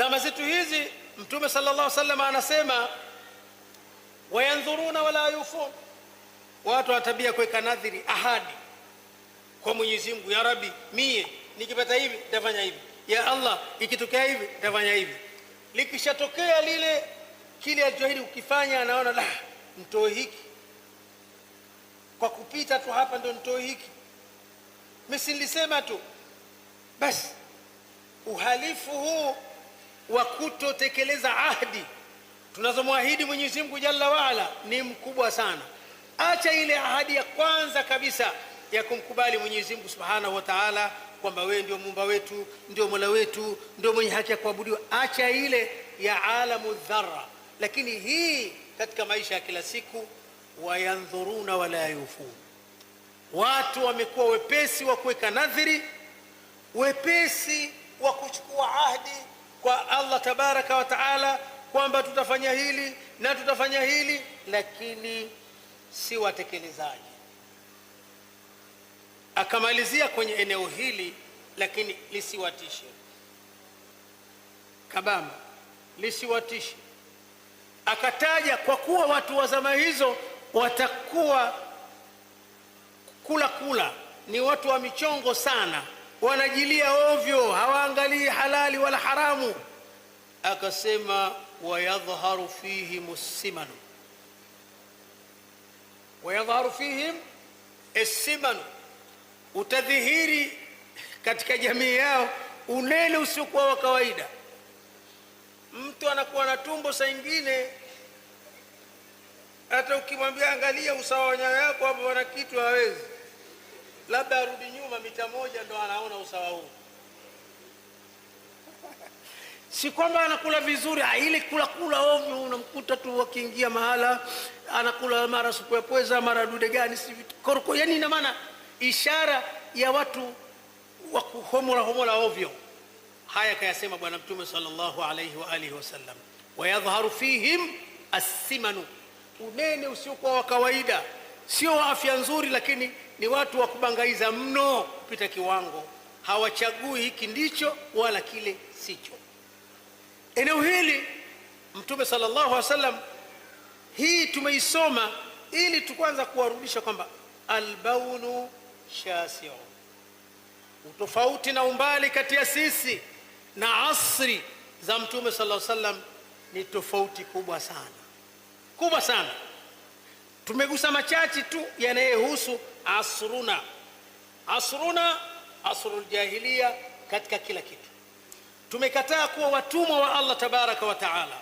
Zama zetu hizi Mtume sallallahu alaihi wasallam anasema wayandhuruna wala yufun, watu watabia kuweka nadhiri, ahadi kwa Mwenyezi Mungu, ya Rabbi, mie nikipata hivi nitafanya hivi, ya Allah, ikitokea hivi nitafanya hivi. Likishatokea lile kile alichoahidi ukifanya, anaona la, mtoe hiki kwa kupita tu hapa, ndo ntoe hiki, mimi nilisema tu. Basi uhalifu huu wa kutotekeleza ahadi tunazomwahidi Mwenyezi Mungu Jalla waala ni mkubwa sana. Acha ile ahadi ya kwanza kabisa ya kumkubali Mwenyezi Mungu Subhanahu wa Ta'ala kwamba wewe ndio muumba wetu, ndio mola wetu, ndio mwenye haki ya kuabudiwa. Acha ile ya alamu dhara, lakini hii katika maisha ya kila siku, wayandhuruna wala yufun. Watu wamekuwa wepesi wa kuweka nadhiri, wepesi wa kuchukua ahadi kwa Allah tabaraka wa taala kwamba tutafanya hili na tutafanya hili, lakini si watekelezaji. Akamalizia kwenye eneo hili, lakini lisiwatishe kabamba, lisiwatishe. Akataja kwa kuwa watu wa zama hizo watakuwa kula kula, ni watu wa michongo sana wanajilia ovyo, hawaangalii halali wala haramu. Akasema wayadhharu fihim simanu, wayadhharu fihim simanu, utadhihiri katika jamii yao unene usiokuwa wa kawaida. Mtu anakuwa na tumbo saa ingine, hata ukimwambia angalia usawa wa nyayo yako hapo, wana kitu hawezi labda arudi nyuma mita moja ndo anaona usawa huu. Si kwamba anakula vizuri, ah, ile kula kula ovyo, unamkuta tu akiingia mahala anakula mara supu ya pweza, mara dude gani, si koroko. Yani ina maana ishara ya watu wa kuhomola homola ovyo. Haya kayasema Bwana Mtume sallallahu alayhi wa alihi wasallam, wayadhharu fihim assimanu, unene usiokuwa wa kawaida, sio wa afya nzuri, lakini ni watu wa kubangaiza mno kupita kiwango, hawachagui hiki ndicho wala kile sicho. Eneo hili Mtume sallallahu alaihi wasallam, hii tumeisoma ili tukwanza kuwarudisha kwamba albaunu shasiu, utofauti na umbali kati ya sisi na asri za Mtume sallallahu alaihi wasallam ni tofauti kubwa sana kubwa sana tumegusa machache tu yanayehusu asruna. Asruna, asru jahilia katika kila kitu. Tumekataa kuwa watumwa wa Allah tabaraka wa taala.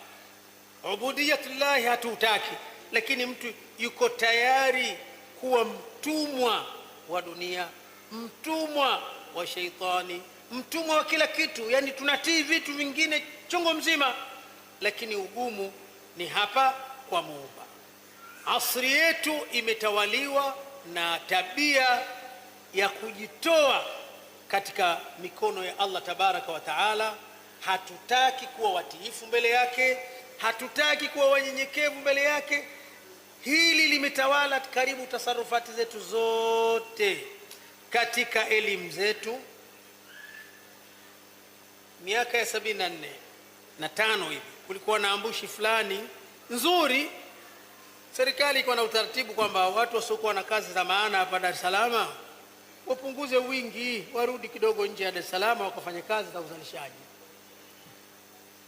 Ubudiyatullahi hatuutaki, lakini mtu yuko tayari kuwa mtumwa wa dunia, mtumwa wa sheitani, mtumwa wa kila kitu. Yani tunatii vitu vingine chungu mzima, lakini ugumu ni hapa kwa Muumba. Asri yetu imetawaliwa na tabia ya kujitoa katika mikono ya Allah tabaraka wa taala. Hatutaki kuwa watiifu mbele yake, hatutaki kuwa wanyenyekevu mbele yake. Hili limetawala karibu tasarufati zetu zote, katika elimu zetu. Miaka ya sabini na nne na tano hivi kulikuwa na ambushi fulani nzuri Serikali iko na utaratibu kwamba watu wasiokuwa na kazi za maana hapa Dar es Salaam wapunguze wingi, warudi kidogo nje ya Dar es Salaam wakafanye kazi za uzalishaji.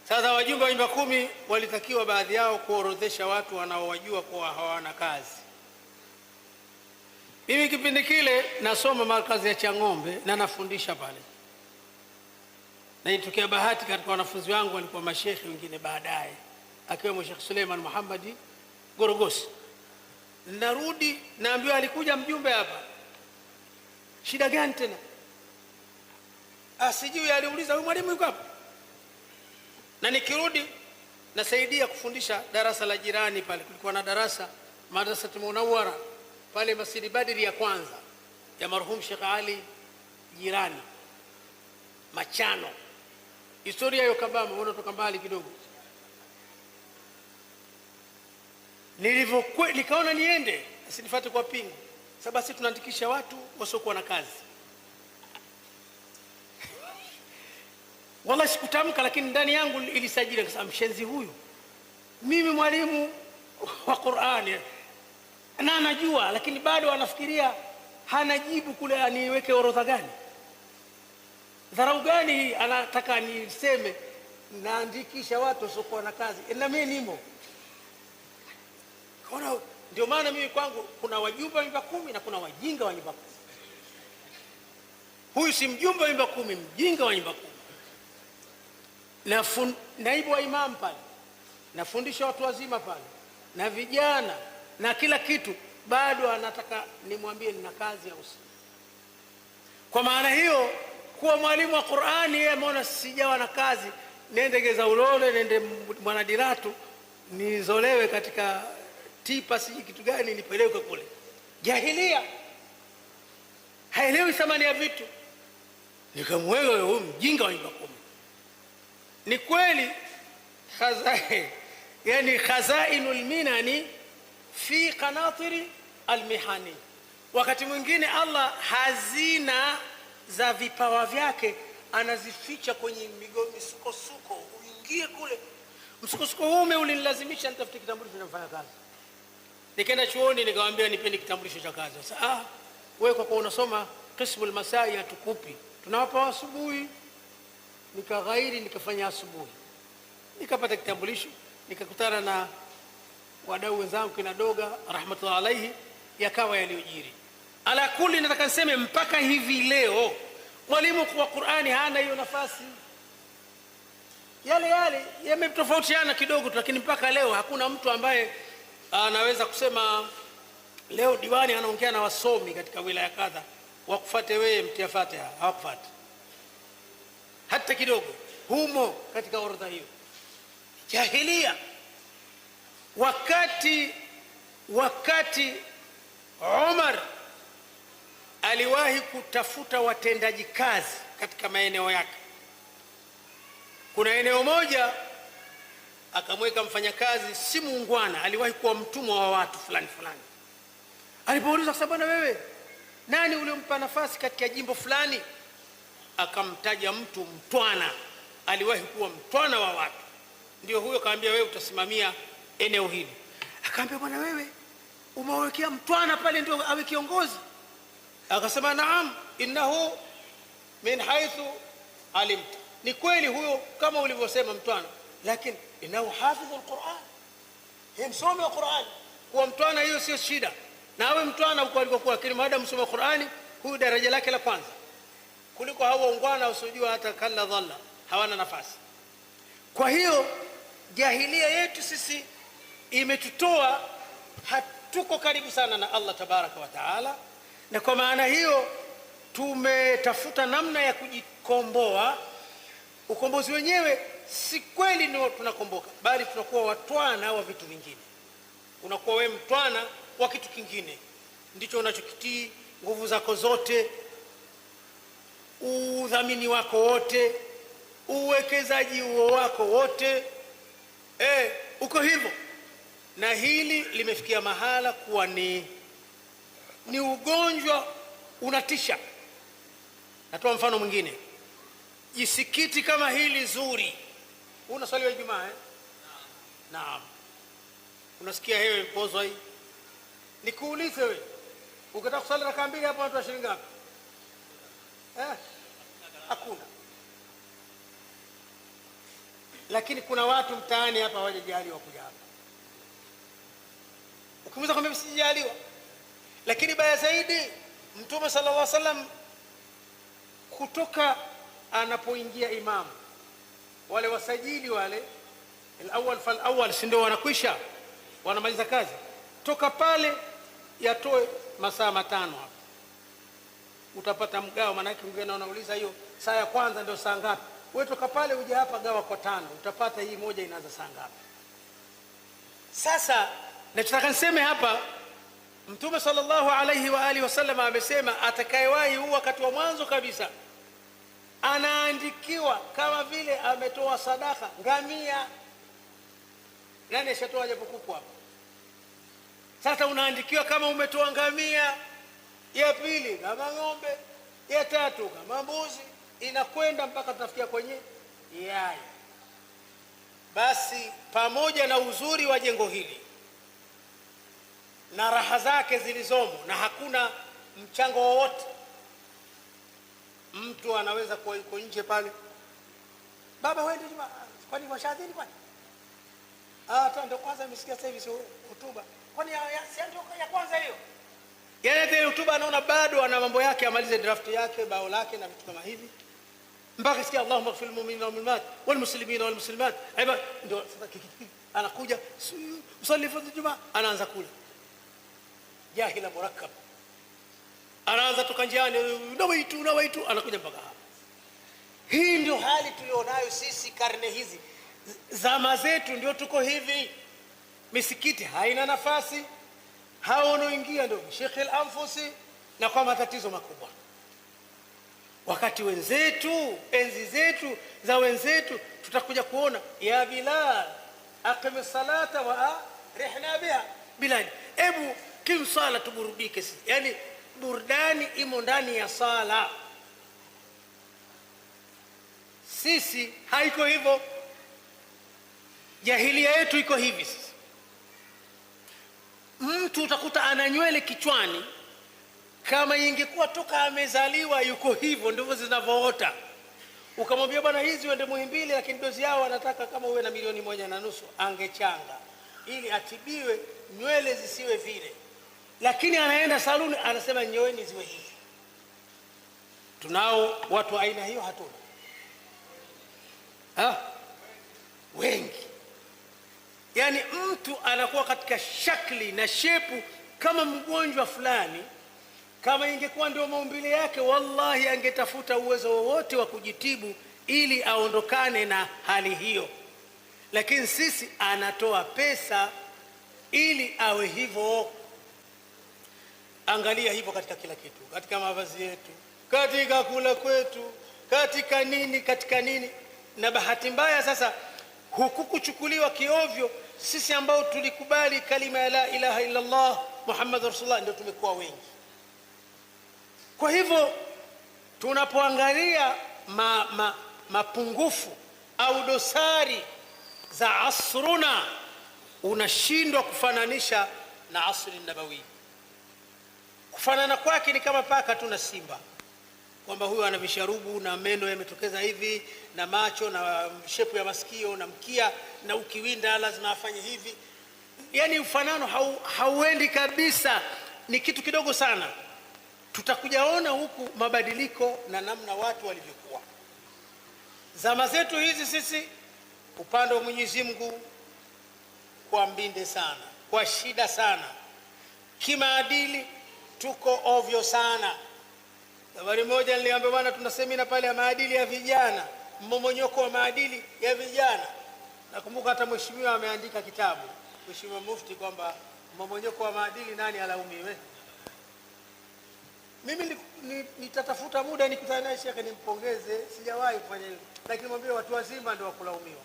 Sasa wajumbe wa nyumba kumi walitakiwa baadhi yao kuorodhesha watu wanaowajua kuwa hawana kazi. Mimi kipindi kile nasoma markazi ya Chang'ombe na nafundisha pale, na itokea bahati katika wanafunzi wangu walikuwa mashekhe wengine baadaye, akiwemo Sheikh Suleiman Muhammadi Gorogosi. Narudi naambiwa alikuja mjumbe hapa, shida gani tena? Asijui ah, aliuliza huyu mwalimu yuko hapa, na nikirudi nasaidia kufundisha darasa la jirani pale. Kulikuwa na darasa madrasa Munawara pale Masjidi Badri ya kwanza ya marhum Sheikh Ali jirani Machano. Historia hiyo Yokabama unatoka mbali kidogo. nilivyokuwa nikaona niende asinifuate kwa pingu. sababu sisi tunaandikisha watu wasiokuwa na kazi. Wala sikutamka, lakini ndani yangu ilisajili, kasema mshenzi huyu, mimi mwalimu wa Qur'ani na anajua, lakini bado anafikiria hana jibu kule, aniweke orodha gani? Dharau gani hii? Anataka niseme naandikisha watu wasiokuwa na kazi, na mimi nimo Kaona, ndio maana mimi kwangu kuna wajumbe wa nyumba kumi na kuna wajinga wa nyumba kumi. Huyu si mjumbe wa nyumba kumi, mjinga wa nyumba kumi. Na fun, naibu wa imamu pale nafundisha watu wazima pale na vijana na kila kitu, bado anataka nimwambie nina kazi ya usiku. Kwa maana hiyo, kuwa mwalimu wa Qur'ani, yeye ameona sijawa na kazi, niende Geza Ulole, niende Mwanadiratu nizolewe katika tipa sijui kitu gani nipeleke kule. Jahilia haelewi thamani ya vitu. nikamwega huyu mjinga wa nyumba kumi. Ni kweli khazai, yani khazainul minani fi qanatiri almihani. Wakati mwingine Allah hazina za vipawa vyake anazificha kwenye misukosuko, uingie kule msukosuko. Ume ulinilazimisha nitafute kitambulisho, inamfanya kazi Nikaenda chuoni nikamwambia nipeni kitambulisho cha kazi. Sasa ah, wewe kwa kuwa unasoma qismu almasai hatukupi, tunawapa asubuhi. Nikaghairi nikafanya asubuhi, nikapata kitambulisho, nikakutana na wadau wenzangu kina Doga rahmatullahi alaihi, yakawa yaliyojiri. Ala kuli, nataka niseme mpaka hivi leo mwalimu wa Qur'ani hana hiyo nafasi. Yale yale yametofautiana kidogo, lakini mpaka leo hakuna mtu ambaye Anaweza ah, kusema leo diwani anaongea na wasomi katika wilaya kadha, wakufate wewe mtiafate, hawakufate hata kidogo, humo katika orodha hiyo. Jahilia wakati wakati Umar aliwahi kutafuta watendaji kazi katika maeneo yake, kuna eneo moja akamweka mfanyakazi si muungwana, aliwahi kuwa mtumwa wa watu fulani fulani. Alipouliza sasa, bwana wewe nani uliompa nafasi katika jimbo fulani? Akamtaja mtu mtwana, aliwahi kuwa mtwana wa watu, ndio huyo. Kaambia wewe utasimamia eneo hili. Akaambia bwana wewe umewekea mtwana pale ndio awe kiongozi? Akasema naam, innahu min haithu alimta, ni kweli huyo kama ulivyosema mtwana, lakini innahu hafidhu alquran, hii msomi wa Qurani. Kuwa mtwana hiyo sio shida, na awe mtwana huko alikokuwa, lakini maada msome wa Qurani huyu daraja lake la kwanza kuliko hawa ungwana wasiojua hata kalla dhalla, hawana nafasi. Kwa hiyo jahilia yetu sisi imetutoa hatuko karibu sana na Allah tabaraka wa taala, na kwa maana hiyo tumetafuta namna ya kujikomboa. Ukombozi wenyewe si kweli ndio tunakomboka, bali tunakuwa watwana wa vitu vingine. Unakuwa wewe mtwana wa kitu kingine, ndicho unachokitii nguvu zako zote, udhamini wako wote, uwekezaji huo wako wote, eh, uko hivyo. Na hili limefikia mahala kuwa ni, ni ugonjwa unatisha. Natoa mfano mwingine, jisikiti kama hili zuri una swali wa Ijumaa eh? Naam. Unasikia hewe mpozwa hii? Nikuulize wewe. Ukitaka kuswali rakaa mbili hapo watu wa shilingi ngapi? Eh? Hakuna. Lakini kuna watu mtaani hapa hawajajaliwa kuja hapa. Ukimuuliza kwamba msijaliwa. Lakini baya zaidi Mtume sallallahu alaihi wasallam kutoka anapoingia imamu wale wasajili wale alawal falawal, si ndio wanakwisha wanamaliza kazi toka pale, yatoe masaa matano hapo utapata mgao. Maanake mgeni anauliza hiyo saa ya kwanza ndio saa ngapi? Wewe toka pale uje hapa, gawa kwa tano, utapata hii moja inaanza saa ngapi? Sasa nachotaka niseme hapa, Mtume sallallahu alaihi wa alihi wasallam amesema atakayewahi huu wakati wa mwanzo kabisa anaandikiwa kama vile ametoa sadaka ngamia. Nani ashatoa japo kuku hapa? Sasa unaandikiwa kama umetoa ngamia, ya pili kama ng'ombe, ya tatu kama mbuzi, inakwenda mpaka tunafikia kwenye yaya Basi pamoja na uzuri wa jengo hili na raha zake zilizomo, na hakuna mchango wowote mtu anaweza kuwa yuko nje pale, baba wewe ndio kwani washadhini kwani? Ah, tu ndio kwanza nimesikia sasa hivi hotuba. Kwani si ndio ya kwanza hiyo? Yeye ile hotuba anaona bado ana mambo yake, amalize draft yake, bao lake na vitu kama hivi. Mpaka sikia Allahumma ighfir lil mu'minina wal mu'minat wal muslimina wal muslimat. Aiba ndio sasa anakuja usalli fardhu Jumaa, anaanza kula. Jahila murakkab anaanza toka njiani nawaitu nawaitu, anakuja mpaka hapa. Hii ndio hali tulionayo sisi karne hizi, zama zetu ndio tuko hivi. Misikiti haina nafasi, hao wanaoingia ndio shekhe al-anfusi na kwa matatizo makubwa. Wakati wenzetu, enzi zetu za wenzetu, tutakuja kuona ya Bilal, aqimi salata wa rihna biha Bilal, ebu kim sala tuburudike sisi, yani burudani imo ndani ya sala. Sisi haiko hivyo, jahilia yetu iko hivi. Sisi mtu utakuta ana nywele kichwani, kama ingekuwa toka amezaliwa yuko hivyo, ndivyo zinavyoota. Ukamwambia bwana, hizi uende Muhimbili, lakini dozi yao anataka kama uwe na milioni moja na nusu, angechanga ili atibiwe nywele zisiwe vile lakini anaenda saluni anasema nyoeni ziwe hivi. Tunao watu wa aina hiyo, hatuna ha? wengi. yani mtu anakuwa katika shakli na shepu kama mgonjwa fulani. Kama ingekuwa ndio maumbile yake, wallahi angetafuta uwezo wowote wa kujitibu ili aondokane na hali hiyo, lakini sisi anatoa pesa ili awe hivyo. Angalia hivyo katika kila kitu, katika mavazi yetu, katika kula kwetu, katika nini, katika nini. Na bahati mbaya sasa hukukuchukuliwa kiovyo. Sisi ambao tulikubali kalima ya la ilaha illa Allah Muhammad rasulullah ndio tumekuwa wengi. Kwa hivyo tunapoangalia ma, ma, mapungufu au dosari za asruna, unashindwa kufananisha na asri nabawi. Kufanana kwake ni kama paka tu na simba, kwamba huyo ana visharubu na meno yametokeza hivi na macho na shepu ya masikio na mkia, na ukiwinda lazima afanye hivi. Yaani ufanano hau, hauendi kabisa, ni kitu kidogo sana. Tutakujaona huku mabadiliko na namna watu walivyokuwa zama zetu hizi. Sisi upande wa Mwenyezi Mungu kwa mbinde sana, kwa shida sana, kimaadili tuko ovyo sana. Habari moja niliambia bwana, tuna semina pale ya maadili ya vijana, mmomonyoko wa maadili ya vijana. Nakumbuka hata mheshimiwa ameandika kitabu, Mheshimiwa Mufti, kwamba mmomonyoko wa maadili nani alaumiwe. Mimi nitatafuta muda nikutane naye shekhe, nimpongeze. Sijawahi kufanya hivyo, lakini mwambie watu wazima ndio wakulaumiwa.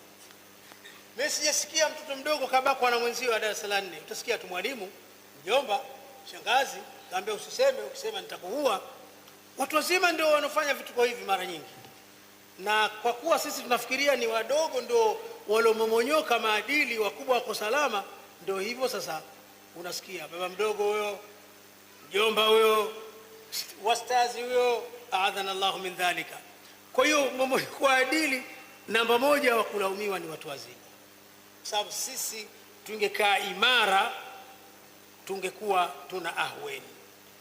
Mimi sijasikia mtoto mdogo kabakwa na mwenzio wa darasa la nne. Utasikia tu mwalimu, mjomba, shangazi kaambia usiseme, ukisema nitakuua. Watu wazima ndio wanaofanya vituko hivi mara nyingi, na kwa kuwa sisi tunafikiria ni wadogo ndio waliomomonyoka maadili, wakubwa wako salama. Ndio hivyo sasa, unasikia baba mdogo huyo, mjomba huyo, wastazi huyo, aadhana llahu min dhalika. Kwa hiyo mmomonyoko wa adili namba moja wa kulaumiwa ni watu wazima, sababu sisi tungekaa imara tungekuwa tuna ahweni.